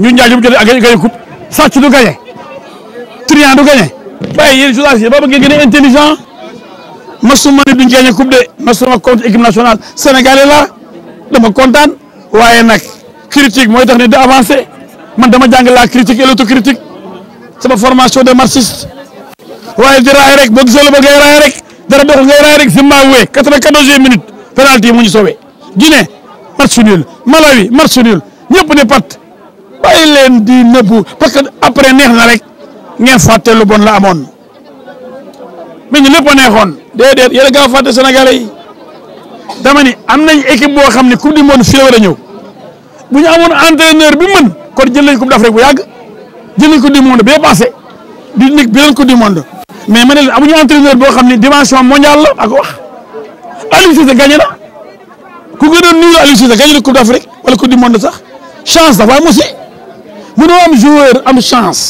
ñu Ndiaye ñu gën a coupe sàcc du gagné trian du gagné bàyyi yéen journaliste yi ba ngeen gën a intelligent masuma ne duñ gagné coupe de masuma contre équipe nationale sénégalais la dama kontaan waaye nag critique mooy tax ni da avancé man dama jàng la critique et l'autocritique sama formation de marxiste waaye di raay rek boo gisoo la ba ngay raay rek dara doxul ngay raay rek Zimbabwe quatre minute penalty mu ñu sowe Guinée match Malawi match bàyyi leen di nëbbu parce que après neex na rek ngeen fàtte lu bon la amoon me ñu lépp a neexoon déedéet yéen a gaaw fàtte yi dama ni am nañ équipe boo xam ne coupe du monde fii war a ñëw bu ñu amoon entraîneur bi mën ko jël nañ coupe d'Afrique bu yàgg jël nañ coupe du monde bee passé di nekk beneen coupe du monde mais ma ne leen amuñu entraîneur boo xam ne dimension mondiale la ak wax Aliou Cissé gagné na ku gënoon nii la Aliou Cissé du monde sax chance dafa am aussi mënoo am joueur am chance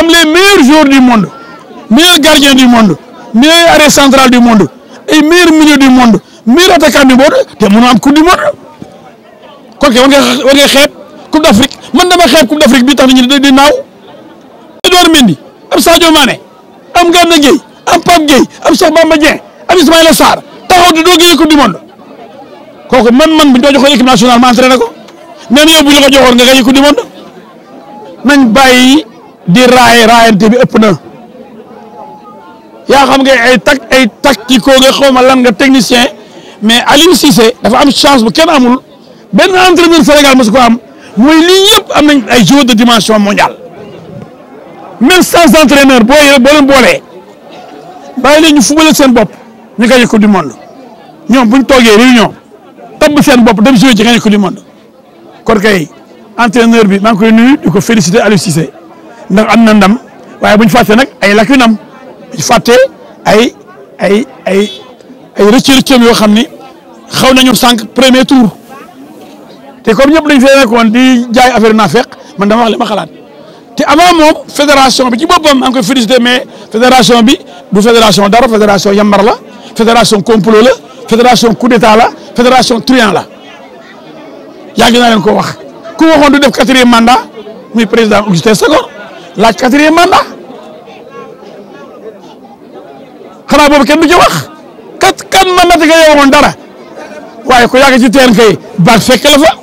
am les meilleurs joueurs du monde meilleurs gardiens du monde meilleurs arrêt central du monde et meilleurs milieux du monde meilleurs attaquants du te mënoo am coupe du monde kon war nga war nga d'Afrique man dama xeeb coupe d'Afrique bi tax nañu di di naaw Edouard Mendy am Sadio Mané am Gana Gueye am Pape Gueye am Cheikh Bamba Dieng am Ismaïla Sarr taxaw di doog coupe du monde kooku man man bu ñu ko joxoon ma entraîné ko nañ bàyyi di raay raayante bi ëpp yaa xam nga ay tak ay tactico nga xaw ma lan nga technicien mais Aliou Cissé dafa am chance bu kenn amul benn entraîneur Sénégal mosu ko am mooy lii ñëpp am nañ ay joueurs de dimension mondiale même sans entraîneur boo boo leen boolee bàyyi leen ñu fubale seen bopp ñu gañe coupe du monde ñoom bu ñu toogee réunion tabb seen bopp dem jouer ci gañe coupe du monde kon kay entraîneur bi maa ngi koy nuyu di ko féliciter Aliou ndax am na ndam waaye bu ñu fàtte nag ay lacune am bu ay ay ay ay rëcc-rëccam yoo xam ni xaw nañu sànq premier tour te comme ñëpp dañ fee nekkoon di jaay affaire naa man dama wax ma xalaat te avant moom fédération bi ci boppam maa ngi koy féliciter mais fédération bi du fédération dara fédération yambar la fédération complot la fédération coup d'état la fédération truand la yàgg naa leen ko wax. ku waxoon du def quatrième manda muy président Augustin Senghor laaj quatrième mandat xanaa boobu kenn du ci wax kat kan man nati nga yowoon dara waaye ko yàgg ci teen kay baat fekk la fa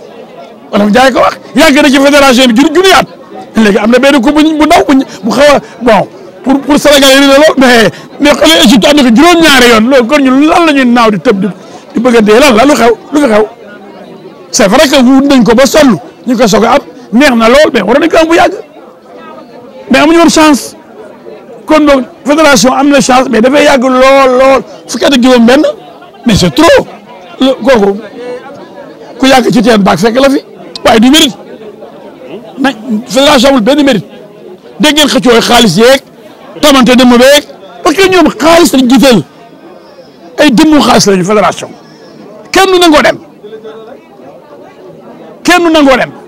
wala mu jaay ko wax yàgg na ci fédération bi jur junniyaat léegi am na benn ko bu ndaw bu xaw a bon pour pour Sénégal yi la lool mais mais xale Égypte am na ko juróom yoon loolu kon ñun la ñuy naaw di tëb di bëgg a dee lan la lu xew lu fi xew c'est vrai que wut nañ ko ba sollu ñu ko soog a am neex na lool mais waroon nañu ko am bu yàgg mais amuñu woon chance kon donc fédération am na chance mais dafay yàgg lool lool fukki at ak juróom benn c'est trop kooku ku yàgg ci teen baak fekk la fi waaye du mérite na fédération amul benn mérite dégg ngeen xëccoo xaalis yeeg tamante dëmm beeg parce que ñoom xaalis lañ ay dëmmu xaalis lañu fédération kenn du nangoo dem kenn du nangoo dem